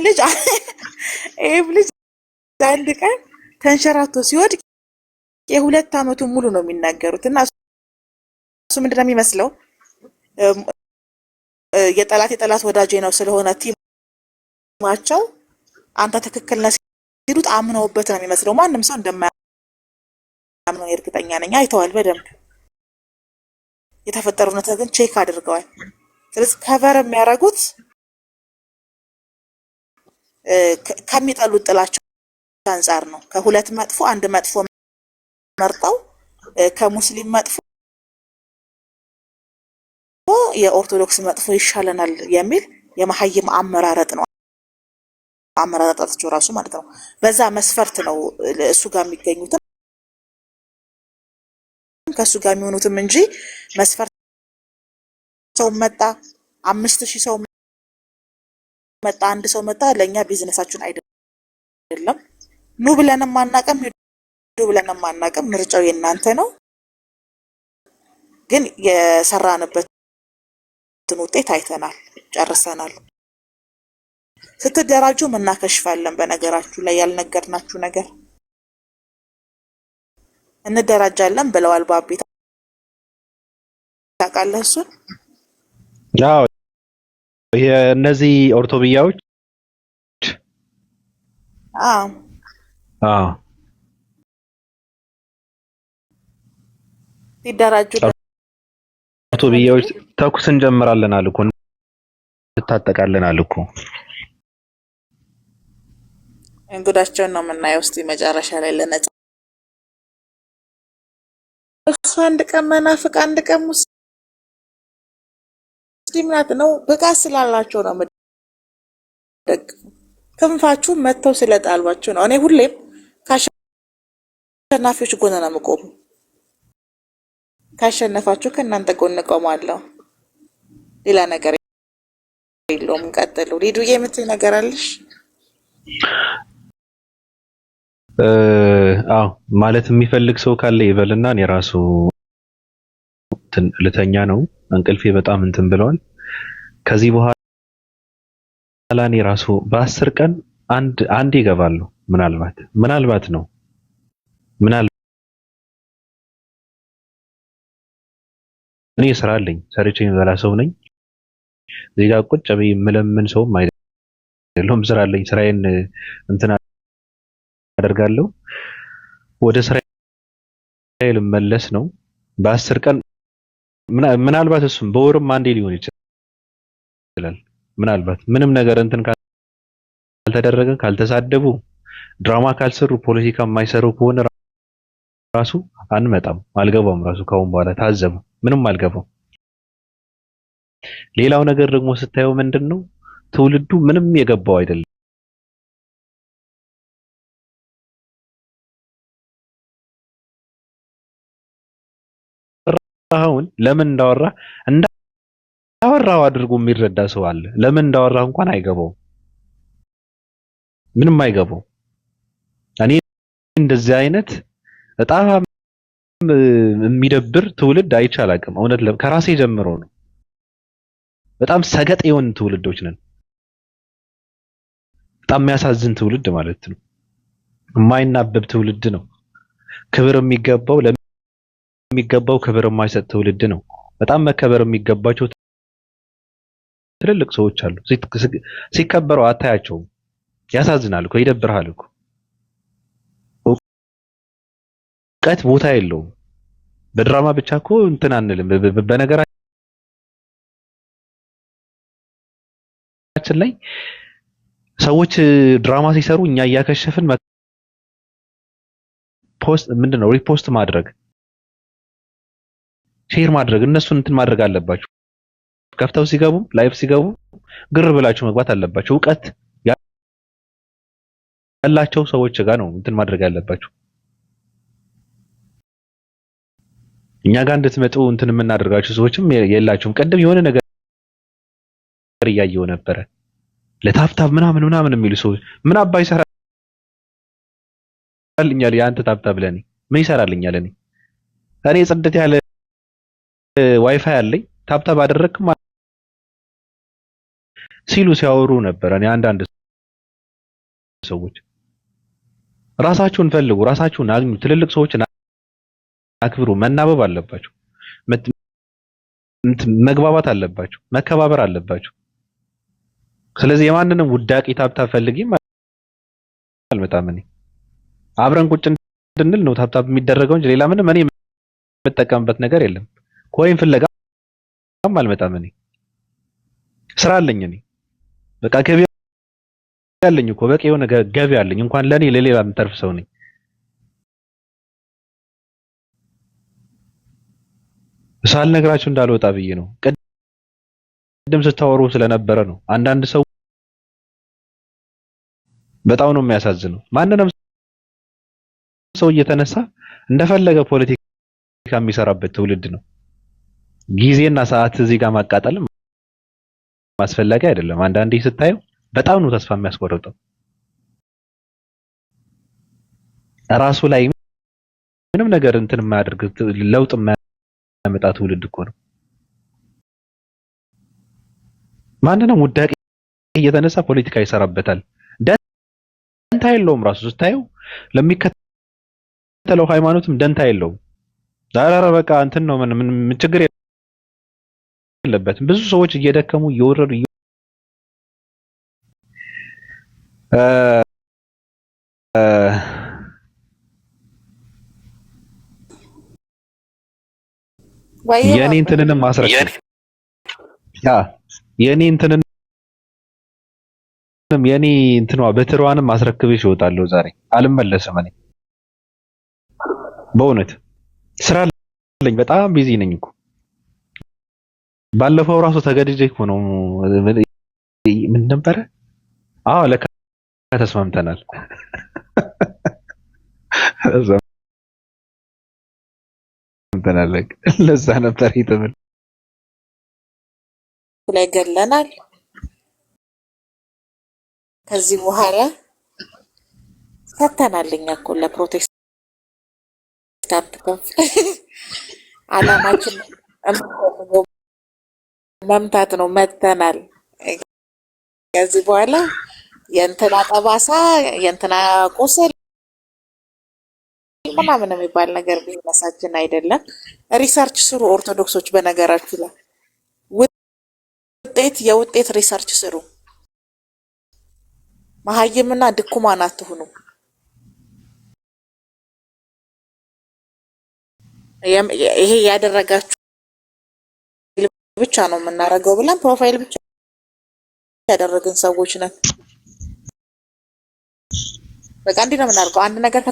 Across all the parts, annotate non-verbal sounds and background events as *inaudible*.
ይሄም ልጅ ይሄም *laughs* ልጅ አንድ ቀን ተንሸራቶ ሲወድቅ የሁለት ዓመቱን ሙሉ ነው የሚናገሩት እና እሱ ምንድን ነው የሚመስለው የጠላት የጠላት ወዳጅ ነው ስለሆነ ቲማቸው አንተ ትክክል ነህ ሲሉት አምነውበት ነው የሚመስለው። ማንም ሰው እንደማያምነው እርግጠኛ ነኝ። አይተዋል በደንብ የተፈጠረው ነገር ግን ቼክ አድርገዋል። ስለዚህ ከቨር የሚያደርጉት ከሚጠሉት ጥላቸው አንጻር ነው። ከሁለት መጥፎ አንድ መጥፎ መርጠው ከሙስሊም መጥፎ የኦርቶዶክስ መጥፎ ይሻለናል የሚል የመሀይም አመራረጥ ነው። አመራረጣቸው ራሱ ማለት ነው። በዛ መስፈርት ነው እሱ ጋር የሚገኙትም ከእሱ ጋር የሚሆኑትም እንጂ መስፈርት ሰው መጣ አምስት ሺህ ሰው መጣ አንድ ሰው መጣ፣ ለእኛ ቢዝነሳችን አይደለም፣ ኑ ብለን ማናቀም ሂዱ ብለን ማናቀም ምርጫው የእናንተ ነው። ግን የሰራንበትን ውጤት አይተናል፣ ጨርሰናል። ስትደራጁ እናከሽፋለን። በነገራችሁ ላይ ያልነገርናችሁ ነገር እንደራጃለን ብለዋል። ባቤ ታውቃለህ እሱን እነዚህ ኦርቶብያዎች ሲደራጁ ኦርቶብያዎች ተኩስ እንጀምራለን አልኩ እኮ እንታጠቃለን አሉ እኮ። እንጉዳቸውን ነው የምናየው። እስኪ መጨረሻ ላይ ለነጻ እሱ አንድ ቀን መናፍቅ አንድ ቀን ሙስ ሙስሊምናት ነው ብቃት ስላላቸው ነው የምደግፈው። ክንፋችሁን መጥተው ስለጣሏችሁ ነው። እኔ ሁሌም ከአሸናፊዎች ጎን ነው የምቆሙ። ካሸነፋችሁ ከእናንተ ጎን እቆማለሁ። ሌላ ነገር የለውም። ቀጥሉ። ሊዱዬ የምትይ ነገር አለሽ? አዎ ማለት የሚፈልግ ሰው ካለ ይበልና እኔ ራሱ ልተኛ ነው። እንቅልፌ በጣም እንትን ብለዋል። ከዚህ በኋላ እኔ ራሱ በአስር ቀን አንድ አንድ ይገባሉ። ምናልባት ምናልባት ነው ምናልባት እኔ ስራ አለኝ ሰርቼ የሚበላ ሰው ነኝ። እዚህ ጋር ቁጭ ብዬ የምለምን ሰውም አይደለም። ስራ አለኝ፣ ስራዬን እንትና አደርጋለሁ። ወደ ስራዬ ልመለስ ነው በአስር ቀን ምናልባት እሱም በወርም አንዴ ሊሆን ይችላል። ይችላል። ምናልባት ምንም ነገር እንትን ካልተደረገ ካልተሳደቡ፣ ድራማ ካልሰሩ፣ ፖለቲካ የማይሰሩ ከሆነ ራሱ አንመጣም፣ አልገባም። ራሱ ከአሁን በኋላ ታዘቡ፣ ምንም አልገባም። ሌላው ነገር ደግሞ ስታየው ምንድን ነው ትውልዱ ምንም የገባው አይደለም። አሁን ለምን እንዳወራ እንደ ያወራው አድርጎ የሚረዳ ሰው አለ። ለምን እንዳወራ እንኳን አይገባው፣ ምንም አይገባው። እኔ እንደዚህ አይነት በጣም የሚደብር ትውልድ አይቻላቅም አላውቅም። እውነት ከራሴ ጀምሮ ነው። በጣም ሰገጥ የሆን ትውልዶች ነን። በጣም የሚያሳዝን ትውልድ ማለት ነው። የማይናበብ ትውልድ ነው። ክብር የሚገባው ለሚገባው ክብር የማይሰጥ ትውልድ ነው። በጣም መከበር የሚገባቸው ትልልቅ ሰዎች አሉ ሲከበሩ አታያቸውም። ያሳዝናል እኮ ይደብርሃል እኮ እውቀት ቦታ የለውም። በድራማ ብቻ እኮ እንትን አንልም። በነገራችን ላይ ሰዎች ድራማ ሲሰሩ እኛ እያከሸፍን ፖስት ምንድን ነው ሪፖስት ማድረግ ሼር ማድረግ እነሱን እንትን ማድረግ አለባቸው። ከፍተው ሲገቡ ላይፍ ሲገቡ ግር ብላችሁ መግባት አለባችሁ። እውቀት ያላቸው ሰዎች ጋር ነው እንትን ማድረግ ያለባችሁ። እኛ ጋር እንድትመጡ እንትን የምናደርጋችሁ ሰዎችም የላችሁም። ቀደም የሆነ ነገር እያየው ነበረ ለታፍታፍ ምናምን ምናምን የሚሉ ሰዎች ምን አባ ይሰራልኛል? የአንተ ታፍታፍ ለኔ ምን ይሰራልኛል? እኔ እኔ ጽድት ያለ ዋይፋይ አለኝ። ታብታብ አደረግክም ሲሉ ሲያወሩ ነበር። እኔ አንዳንድ ሰዎች ራሳችሁን ፈልጉ፣ ራሳችሁን አግኙ፣ ትልልቅ ሰዎችን አክብሩ፣ መናበብ አለባችሁ፣ መግባባት አለባችሁ፣ መከባበር አለባችሁ። ስለዚህ የማንንም ውዳቂ ታብታብ ፈልጊ አልመጣም። እኔ አብረን ቁጭ እንድንል ነው ታብታብ የሚደረገው እንጂ ሌላ ምንም እኔ የምጠቀምበት ነገር የለም። ኮይን ፍለጋም አልመጣም። እኔ ስራ አለኝ እኔ በቃ ገቢ ያለኝ እኮ በቃ የሆነ ገቢ ያለኝ እንኳን ለኔ ለሌላ የምተርፍ ሰው ነኝ። ነግራችሁ እንዳልወጣ ብዬ ነው። ቅድም ስታወሩ ስለነበረ ነው። አንዳንድ ሰው በጣም ነው የሚያሳዝነው። ማንንም ሰው እየተነሳ እንደፈለገ ፖለቲካ የሚሰራበት ትውልድ ነው። ጊዜና ሰዓት እዚህ ጋር ማቃጠልም አስፈላጊ አይደለም። አንዳንዴ ስታየው በጣም ነው ተስፋ የሚያስቆርጠው ራሱ ላይ ምንም ነገር እንትን የማያደርግ ለውጥ የማያመጣ ትውልድ እኮ ነው። ማንንም ውዳቂ እየተነሳ ፖለቲካ ይሰራበታል። ደንታ የለውም። ራሱ ስታየው ለሚከተለው ሃይማኖትም ደንታ የለውም። ዛራራ በቃ እንትን ነው ምን ችግር የለበትም። ብዙ ሰዎች እየደከሙ እየወረዱ የኔ እንትንንም ማስረከብ የኔ እንትንንም የኔ እንትኗ በትሯንም ማስረክብሽ እወጣለሁ። ዛሬ አልመለስም። እኔ በእውነት ስራ አለኝ። በጣም ቢዚ ነኝ እኮ ባለፈው ራሱ ተገድጄ እኮ ነው። ምን ነበረ? አዎ ለካ ተስማምተናል። ለዛ ነበር ይተብል ገለናል። ከዚህ በኋላ ሰተናል። እኮ ለፕሮቴስታንት አላማችን መምታት ነው። መተናል። ከዚህ በኋላ የእንትና ጠባሳ የእንትና ቁስል ምናምን የሚባል ነገር ቢዝነሳችን አይደለም። ሪሰርች ስሩ ኦርቶዶክሶች፣ በነገራችሁ ላይ ውጤት የውጤት ሪሰርች ስሩ። መሀይምና ድኩማን አትሁኑ። ይሄ ያደረጋችሁ ብቻ ነው የምናደርገው ብለን ፕሮፋይል ብቻ ያደረግን ሰዎች ነን። በቃ እንዲህ ነው የምናደርገው። አንድ ነገር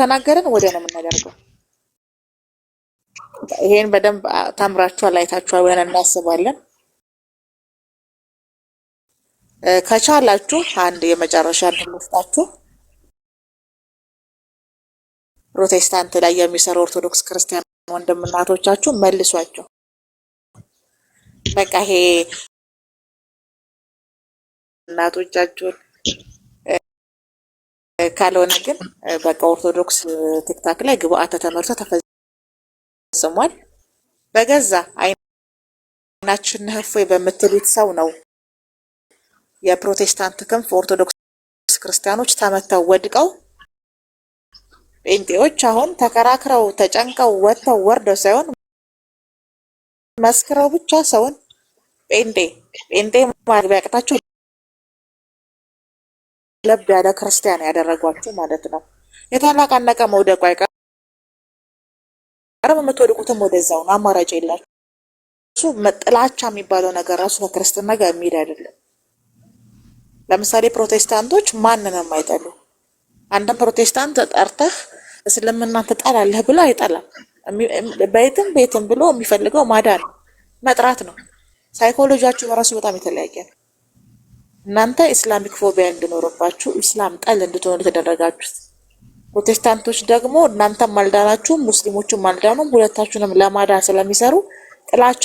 ተናገርን ወዲያ ነው የምናደርገው። ይሄን በደንብ ታምራችኋል፣ አይታችኋል ብለን እናስባለን። ከቻላችሁ አንድ የመጨረሻ እንድንፍታችሁ ፕሮቴስታንት ላይ የሚሰሩ ኦርቶዶክስ ክርስቲያን ወንድምናቶቻችሁ መልሷቸው። በቃ ይሄ እናቶቻችሁን ካልሆነ ግን በቃ ኦርቶዶክስ ቲክታክ ላይ ግብአተ ትምህርቱ ተፈጽሟል። በገዛ አይናችን ህፎይ በምትሉት ሰው ነው የፕሮቴስታንት ክንፍ ኦርቶዶክስ ክርስቲያኖች ተመተው ወድቀው ጴንጤዎች አሁን ተከራክረው ተጨንቀው ወጥተው ወርደው ሳይሆን መስክረው ብቻ ሰውን ጴንጤ ጴንጤ ማድረግ ቢያቅታችሁ ለብ ያለ ክርስቲያን ያደረጓችሁ ማለት ነው። የታላቅ አነቀ መውደቁ አይቀርም። የምትወድቁትም ወደዛው ነው። አማራጭ የላችሁ። እሱ መጥላቻ የሚባለው ነገር ራሱ ከክርስትና ጋር የሚሄድ አይደለም። ለምሳሌ ፕሮቴስታንቶች ማንንም አይጠሉ። አንድም ፕሮቴስታንት ጠርተህ እስልምና ትጠላለህ ብሎ አይጠላም። በየትም ቤትም ብሎ የሚፈልገው ማዳን መጥራት ነው። ሳይኮሎጂያችሁ በራሱ በጣም የተለያየ ነው። እናንተ ኢስላሚክ ፎቢያ እንድኖርባችሁ ኢስላም ጠል እንድትሆኑ የተደረጋችሁት። ፕሮቴስታንቶች ደግሞ እናንተም አልዳናችሁም፣ ሙስሊሞችም አልዳኑም። ሁለታችሁንም ለማዳን ስለሚሰሩ ጥላቻ